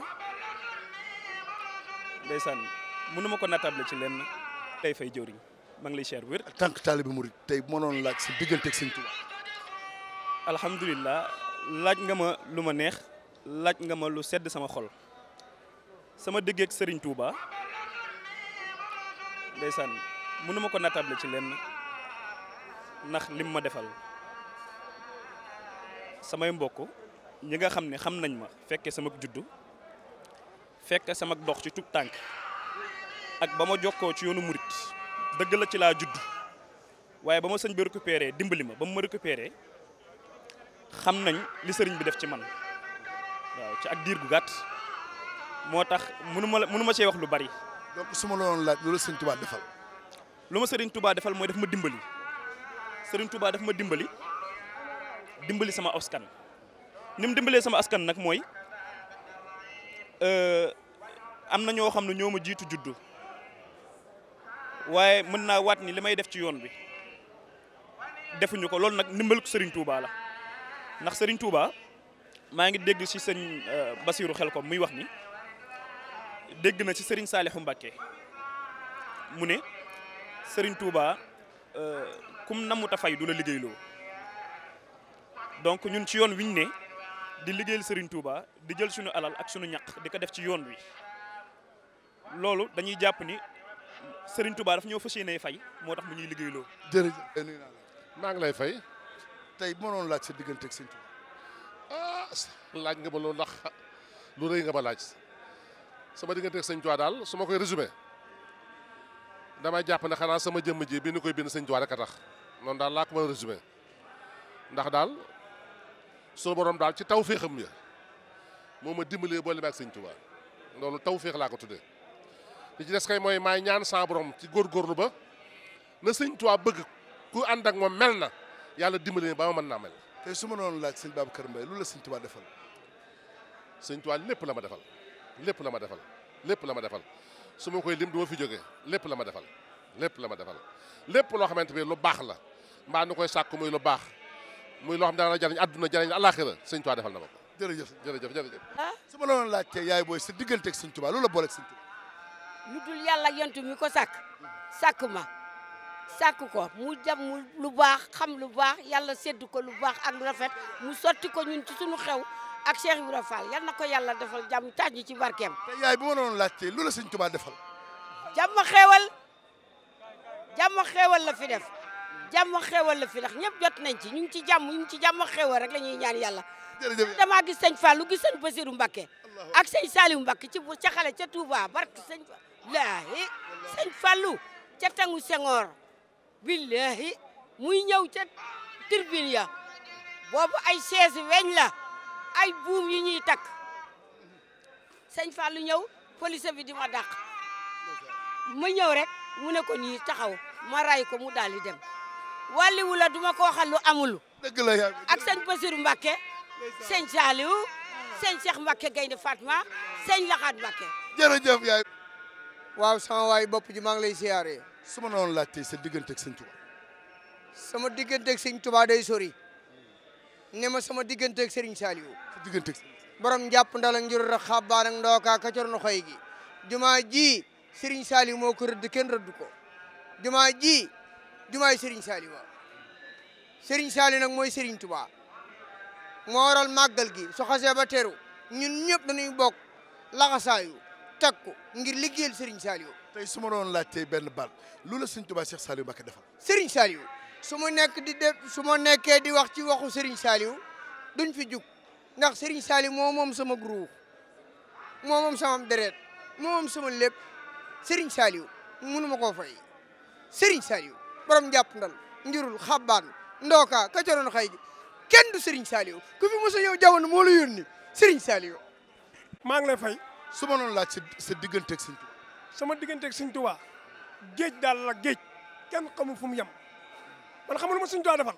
Touba ndaysan munuma ko natable ci len tay fay jori mang lay cher wir tank que mourid tay tey mënoon laaj ci digeunte ak seigne Touba. alhamdullilah laaj nga ma luma neex laaj nga ma lu sedd sama xol sama dëggeeg seigne Touba ndaysan munuma ko natable ci len nax lim defal samay mbokk ñi nga xamne xam nañ ma fekke sama juddu. fekk sama dox ci tub tànk ak ba ma jokkoo ci yoonu murit dëgg la ci laa judd waaye ba ma sëñ bi récupéré dimbali ma ba mu ma récupéré xam nañ li sëriñ bi def ci man waaw ci ak diir gu gàtt moo tax mënu ma la mënu ma cee wax lu bari. donc su ma la doon laaj loolu sëriñ Touba defal. lu ma sëriñ tubaa defal mooy daf ma dimbali sëriñ tubaa daf ma dimbali dimbali sama askan ni dimbalee sama askan nag mooy. Euh, am na ñoo xam ne ñoo ma jiitu juddu waaye mën naa waat ni li may def ci yoon bi defuñu ko loolu nag ndimbal ko Serigne la ndax sëriñ Touba maa ngi dégg ci sëñ xel euh, ko muy wax ni dégg na ci sëriñ Saliou Mbacké mu ne Serigne Touba euh, kum namuta fay du la liggéeyloo donc ñun ci yoon wiñ ne. di liggéeyal Serigne Touba di jël suñu alal ak suñu ñaq di ko def ci yoon wi loolu dañuy jàpp ni sëriñ Touba daf ñoo fas ne fay moo tax mu ñuy liggéeyloo. jërëjëf nuyu naa maa ngi lay fay tey noonu laaj sa diggante ak Serigne ah, nga ba ndax lu rëy nga ba laaj sama diggante ak Serigne daal su ma koy résumé damay jàpp ne xanaa sama jëmm ji bi nu koy bind Serigne Touba rek a tax noonu daal laa ko mën a résumé ndax daal. soo borom daal ci tawféexam ya moo ma dimbalee boole ma ak sëñ Tuubaa loolu tawféex laa ko tuddee li ci des kay mooy maay ñaan sa borom ci góor góorgóorlu ba na sëñ Tuubaa bëgg ku ànd ak moom mel na yàlla dimbalee ba ma mën naa mel. tey su ma noonu laaj sëñ Babacar Mbaye lu la sëñ Tuubaa defal. sëñ Tuubaa lépp la ma defal lépp la ma defal lépp la ma defal su ma koy lim du ma fi jóge lépp la ma defal lépp la ma defal lépp loo xamante bi lu baax la mbaa nu koy sàkk muy lu baax. muy loo xam dana la àdduna jariñ àllaaxira sëñ Tuubaa defal na ma ko jërëjëf jërëjëf jërëjëf ah. su ma la doon laajte yaay booy sa diggante ak sëñ Tuubaa loolu la boole ak dul yàlla yontu ko sàkk sàkk ma sàkk ko mu jam lu baax xam lu baax yàlla sédd ko lu baax ak rafet mu sotti ko ñun ci suñu xew ak Cheikh Ibrahima Fall yal ko yàlla defal jàmm taaj ñu ci barkeem te yaay bu ma la laaj cee lu la sëñ Tuubaa defal jàmm xeewal jàmm xeewal la fi def jàmm xewal la fi ndax ñëpp jot nañ ci ñu ngi ci jàmm ñu ngi ci jàmm xewal rek la ñuy ñaan yàlla damaa gis sëñ Fallou gis sëñ Basiru Mbakke ak sëñ Saliou Mbakke ci ca xale ca Touba barke sëñ laahi sëñ Fallou ca tangu Senghor billahi muy ñëw ca tribune ya boobu ay chaise weñ la ay buum yi ñuy takk sëñ Fallou ñëw police bi di ma dàq ma ñëw rek mu ne ko nii taxaw ma ray ko mu daal di dem wàlliwu la duma ko waxal lu amul dëgg la yaa ak sëñ Basiru Mbàkke sëñ Saaliw sëñ Cheikh Mbàkke Gaynde Fatma sëñ Laxaat Mbàkke jërëjëf yaay waaw sama waay bopp ji maa ngi lay siyaare suma noon noonu laajte sa diggante ak sëñ Touba sama diggante ak sëñ Touba day sori ne ma sama diggante ak Sëriñ Saaliw sa diggante ak borom njàpp ndala a ka corno xoy gi jumaa ji Sëriñ Saaliw moo ko rëdd kenn rëdd ko jumaa ji jumaay Serigne Saliou waaw Serigne Saliou nag mooy Serigne Touba moo waral màggal gi su xasee ba teru ñun ñëpp dañuy bokk laxasaayu takku ngir liggéeyal Serigne Saliou. tey su ma doon laajtee benn baat lu la Serigne Touba Cheikh Saliou Mbacké Serigne Saliou su ma nekk di def su ma nekkee di wax ci waxu Serigne Saliou duñ fi jug ndax Serigne Saliou moo moom sama groupe moo moom sama deret moo moom sama lépp Serigne Saliou mënu ma koo fay Serigne Saliou. borom jàpp ndal njurul xabbaan ndoka ka coroon xay gi kenn du Serigne Saliou ku fi musa a jawon mo moo la yónni Serigne Saliou. ma ngi lay fay. su ma la ci sa sa digganteeg Serigne Touba. sama digganteeg Serigne Touba geej dal la geej kenn xamul fu mu yem man xamul ma Serigne Touba defal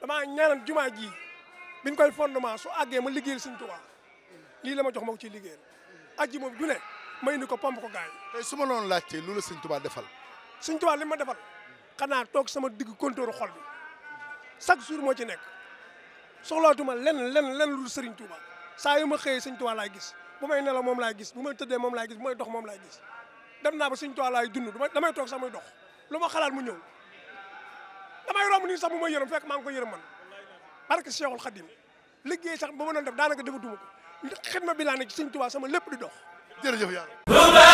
dama ñaanal juma ji biñ koy fondement su agge ma liggéeyal Serigne Touba li lama jox mako ci ciy aji mom ju ne may ni ko pomp ko gaay yi. tey su ma noonu lu la Serigne Touba defal. Serigne Touba li defal. xanaa toog sama digg kontóoru xol bi chaque jour moo ci nekk soxlaatuma lenn lenn lenn lu sëriñ Touba saa yu ma xëyee sëñ Touba laay gis bu may nelaw moom laay gis bu may tëddee moom laay gis bu may dox moom laay gis dem naa ba sëñ Touba laay dund damay toog sax muy dox lu ma xalaat mu ñëw damay romb nii sax mu may yërëm fekk maa ngi ko yërëm man barke Cheikhul Khadim liggéey sax ba ma ne def daanaka defatuma ko xidma bi laa nekk ci sëñ sama lépp di dox jërëjëf yàlla